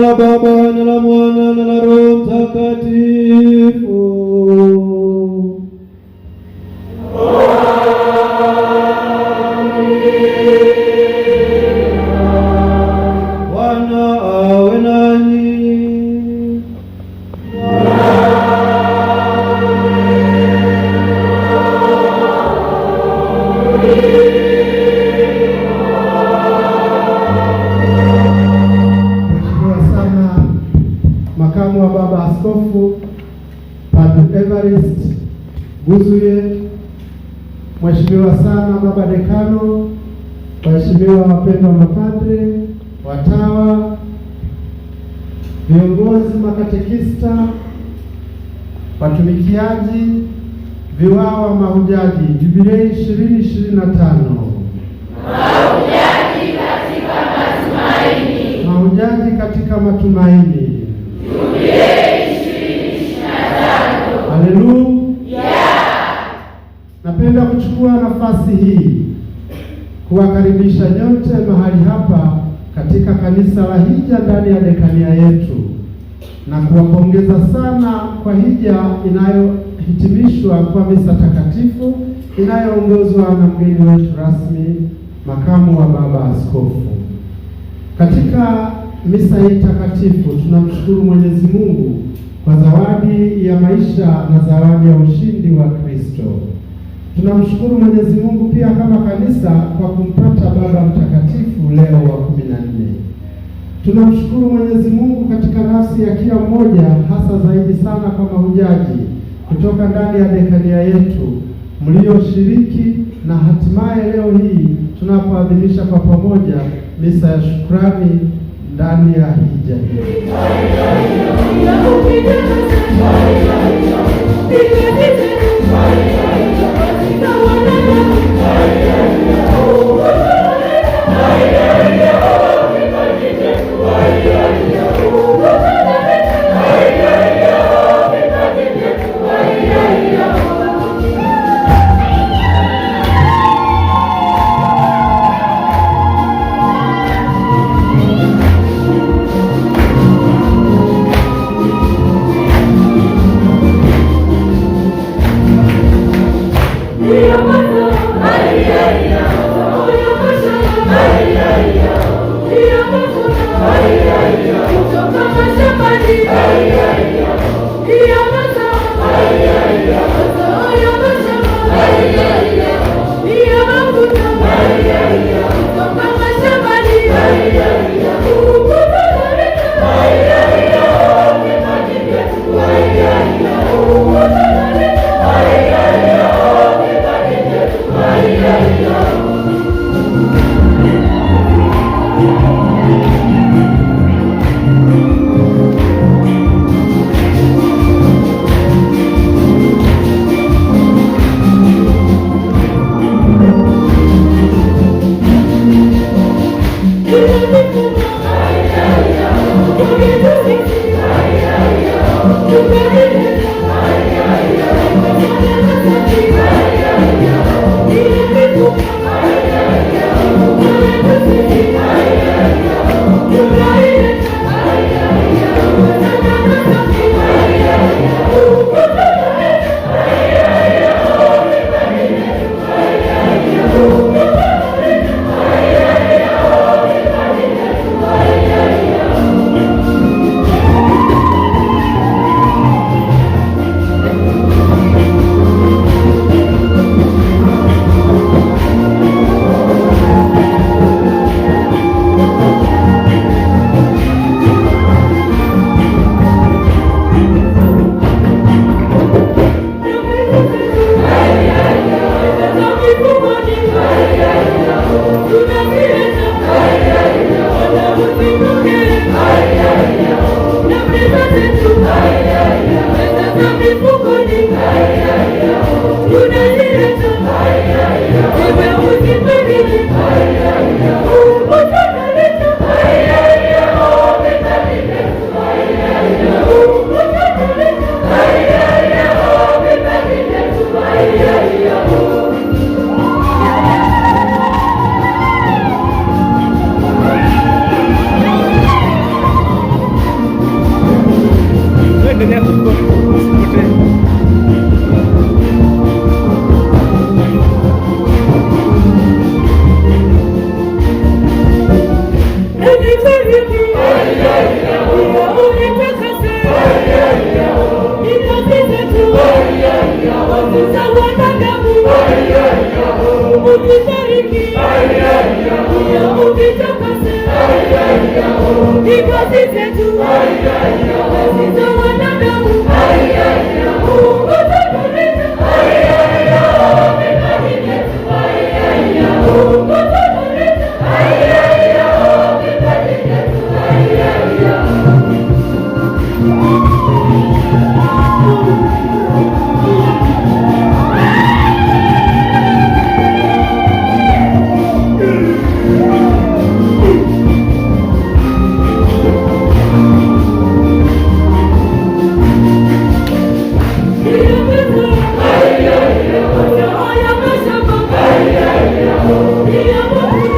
ba ba ba makamu wa baba askofu Padre Everest Guzuye, mheshimiwa sana baba dekano, waheshimiwa wapendwa mapadre, watawa, viongozi makatekista, watumikiaji, viwawa, mahujaji, Jubilei matumaini, mahujaji katika matumaini Haleluya! Napenda kuchukua nafasi hii kuwakaribisha nyote mahali hapa katika kanisa la hija ndani ya dekania yetu na kuwapongeza sana kwa hija inayohitimishwa kwa misa takatifu inayoongozwa na mgeni wetu rasmi, makamu wa baba askofu. Katika misa hii takatifu tunamshukuru Mwenyezi Mungu kwa zawadi ya maisha na zawadi ya ushindi wa Kristo. Tunamshukuru Mwenyezi Mungu pia kama kanisa kwa kumpata Baba Mtakatifu Leo wa kumi na nne. Tunamshukuru Mwenyezi Mungu katika nafsi ya kila mmoja, hasa zaidi sana kwa mahujaji kutoka ndani ya dekania yetu mlioshiriki, na hatimaye leo hii tunapoadhimisha kwa pamoja misa ya shukrani ndani ya hija hiyo Hey, hey, yo. Praise it to Thank you.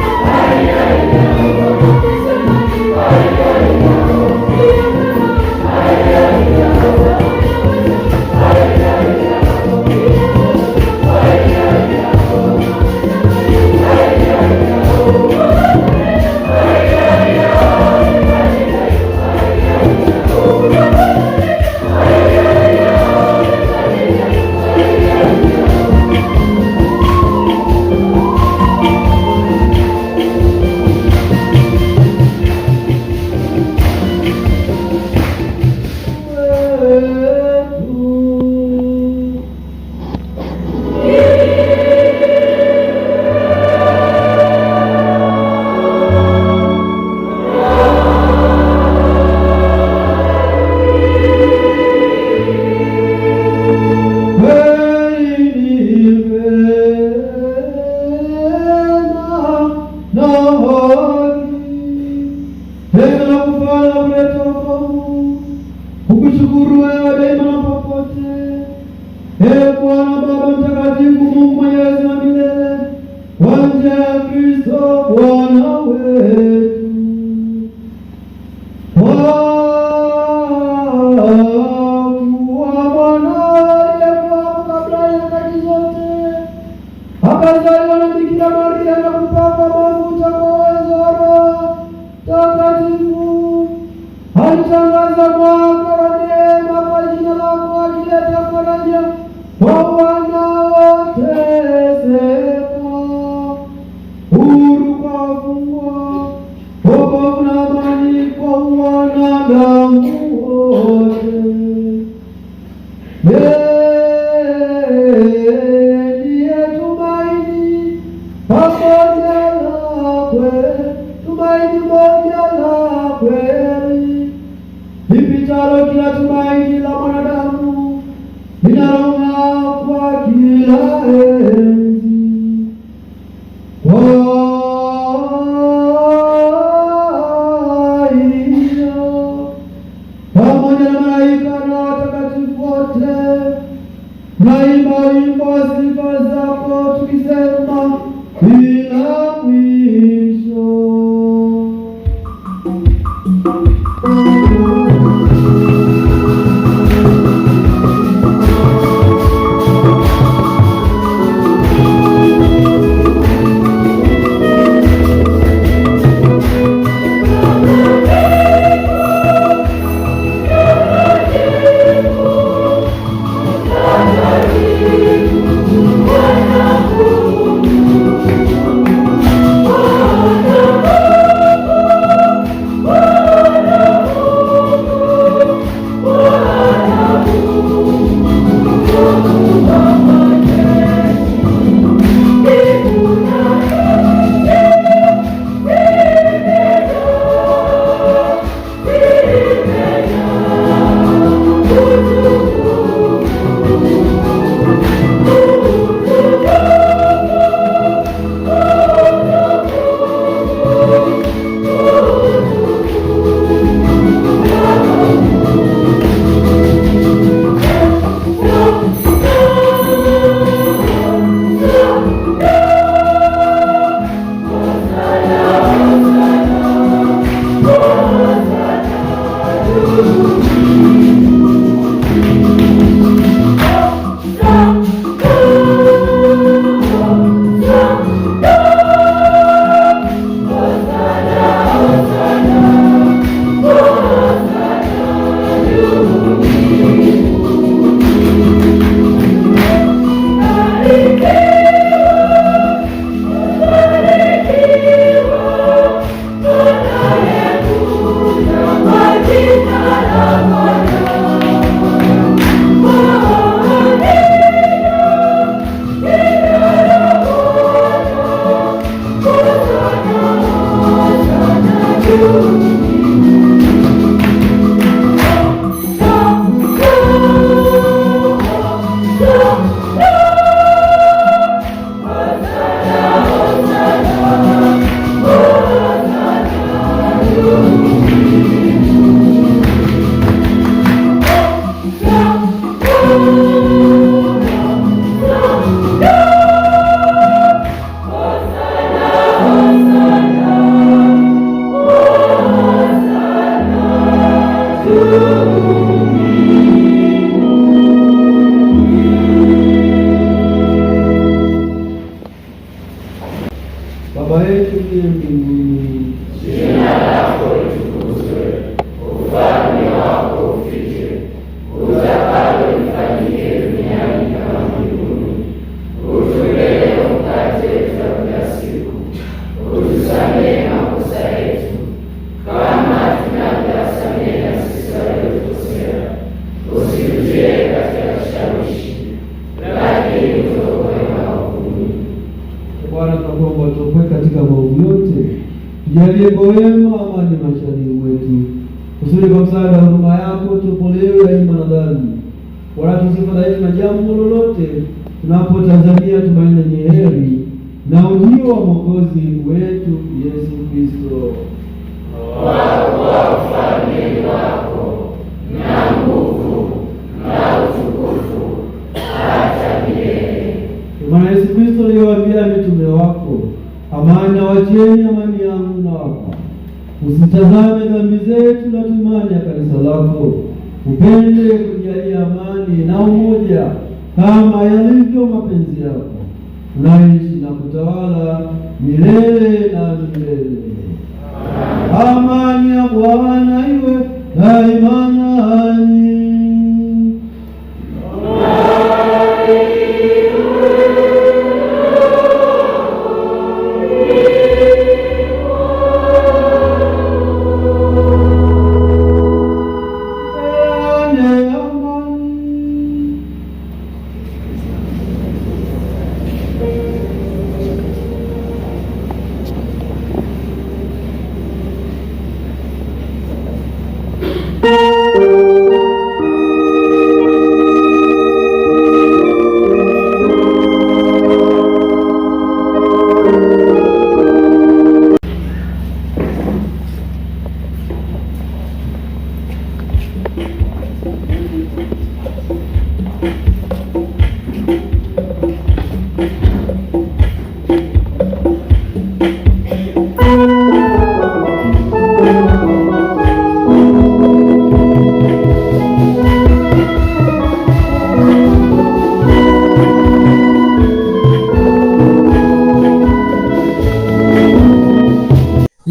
Bir daha Jalie poema amani maishani mwetu, kusudi kwa msaada wa huruma yako tupolewe daima na dhambi, wala tusifadhaishwe na jambo lolote, tunapotazamia tumaini lenye heri na ujio wa mwokozi wetu Yesu Kristo. Kwa ufalme wako na nguvu na utukufu hata milele. Bwana Yesu Kristo aliyewaambia mitume wako Amani nawachieni, amani yangu nawapa. Usitazame dhambi zetu na tumani ya kanisa lako, upende kujalia amani na umoja kama yalivyo mapenzi yako, unaishi na kutawala milele na milele. Amani ya Bwana iwe daima nanyi.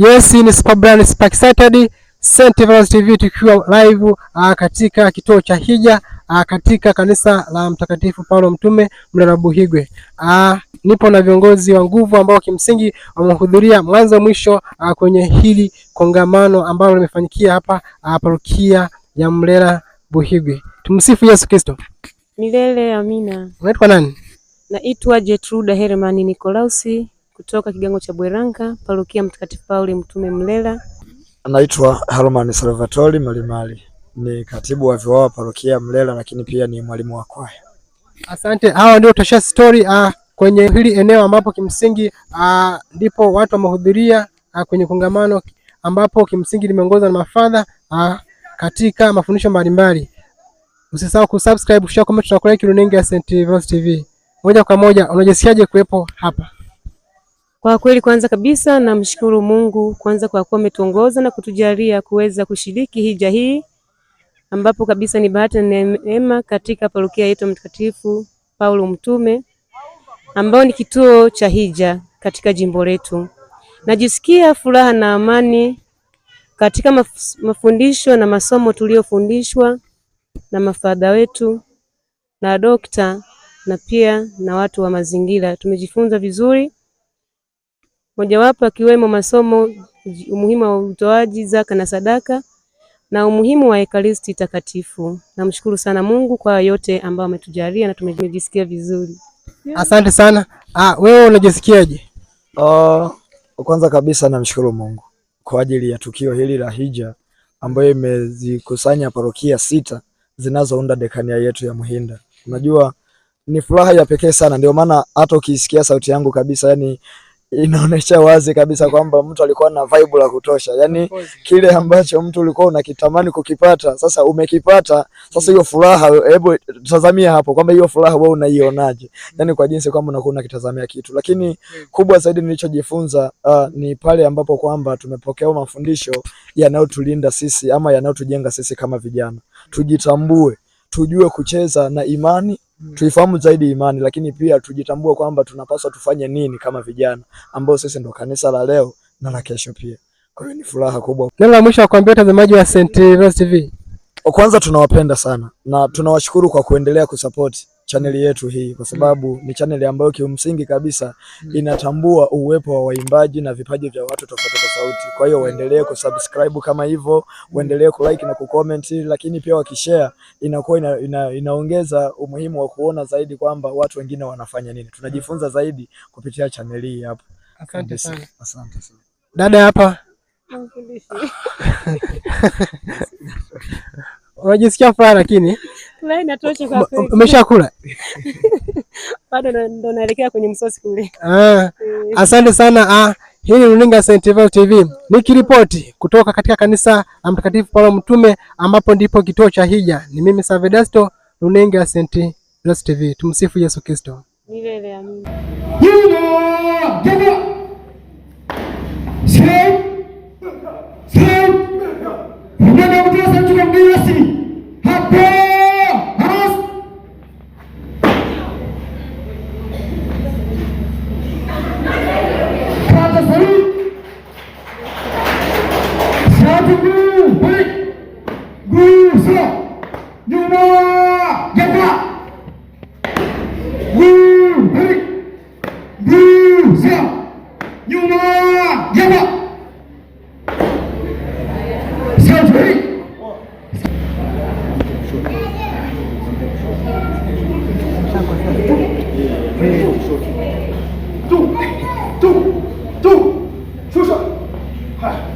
Yes, ni Super Brand Spark Saturday Saint Evans TV tukiwa live a, ah, katika kituo cha hija a, ah, katika kanisa la Mtakatifu Paulo Mtume Mlala Buhigwe. Ah, nipo na viongozi wa nguvu ambao kimsingi wamehudhuria mwanzo mwisho a, kwenye hili kongamano ambalo limefanyikia hapa parokia ya Mlala Buhigwe. Tumsifu Yesu Kristo. Milele amina. Unaitwa nani? Naitwa Jetruda Hermani Nikolausi kutoka kigango cha Bweranka, parokia Mtakatifu Pauli Mtume Mlela. Anaitwa Harman Salvatori Malimali, ni katibu wa viwao parokia Mlela, lakini pia ni mwalimu wa kwaya. Asante. Hawa ndio tutasha story uh, kwenye hili eneo ambapo kimsingi ah, ndipo uh, watu wamehudhuria uh, ah, kwenye kongamano ambapo kimsingi limeongozwa na mafadha uh, katika mafundisho mbalimbali. Usisahau kusubscribe, kushare, comment na kulike runinga ya St. Vedasto TV. Moja kwa moja, unajisikiaje kuwepo hapa? Kwa kweli kwanza kabisa namshukuru Mungu kwanza kwa kuwa ametuongoza na kutujalia kuweza kushiriki hija hii ambapo kabisa ni bahati na neema katika parokia yetu Mtakatifu Paulo Mtume ambao ni kituo cha hija katika jimbo letu. Najisikia furaha na amani katika maf mafundisho na masomo tuliyofundishwa na mafadha wetu na dokta na pia na watu wa mazingira. Tumejifunza vizuri mojawapo akiwemo masomo, umuhimu wa utoaji zaka na sadaka na umuhimu wa Ekaristi Takatifu. Namshukuru sana Mungu kwa yote ambayo ametujalia na tumejisikia vizuri. Asante sana. Ah, wewe unajisikiaje? Uh, kwanza kabisa namshukuru Mungu kwa ajili ya tukio hili la hija ambayo imezikusanya parokia sita zinazounda dekania yetu ya Muhinda. Unajua ni furaha ya pekee sana, ndio maana hata ukisikia sauti yangu kabisa yani inaonesha wazi kabisa kwamba mtu alikuwa na vibe la kutosha, yani kile ambacho mtu ulikuwa unakitamani kukipata, sasa umekipata. Sasa hiyo furaha, hebu tazamia hapo kwamba hiyo furaha wewe unaionaje? Yani kwa jinsi kwamba unakuwa unakitazamia kitu. Lakini mm. kubwa zaidi nilichojifunza uh, ni pale ambapo kwamba tumepokea mafundisho yanayotulinda sisi ama yanayotujenga sisi kama vijana. Tujitambue, tujue kucheza na imani Mm. tuifahamu zaidi imani, lakini pia tujitambue kwamba tunapaswa tufanye nini kama vijana ambao sisi ndo kanisa la leo na la kesho pia. Kwa hiyo ni furaha kubwa. Neno la mwisho wa kuambia watazamaji wa St. Rose TV. Kwanza tunawapenda sana na tunawashukuru kwa kuendelea kusapoti chaneli yetu hii kwa sababu mm. ni chaneli ambayo kimsingi kabisa mm. inatambua uwepo wa waimbaji na vipaji vya watu tofauti tofauti. Kwa hiyo mm. waendelee kusubscribe kama hivyo, mm. waendelee kulike na kucomment, lakini pia wakishare inakuwa ina, ina, inaongeza umuhimu wa kuona zaidi kwamba watu wengine wanafanya nini. Tunajifunza zaidi kupitia chaneli hii hapa. Asante sana. Asante sana. Dada hapa. Unajisikia furaha lakini Umeshakula? Bado ndo naelekea kwenye msosi kule. Ah, eh. asante sana. Ah, hii ni runinga St. Ivan TV nikiripoti kutoka katika kanisa la Mtakatifu Paulo Mtume, ambapo ndipo kituo cha hija. Ni mimi Savedasto, runinga ya St. TV. Tumsifu Yesu Kristo. Milele amina. Huh.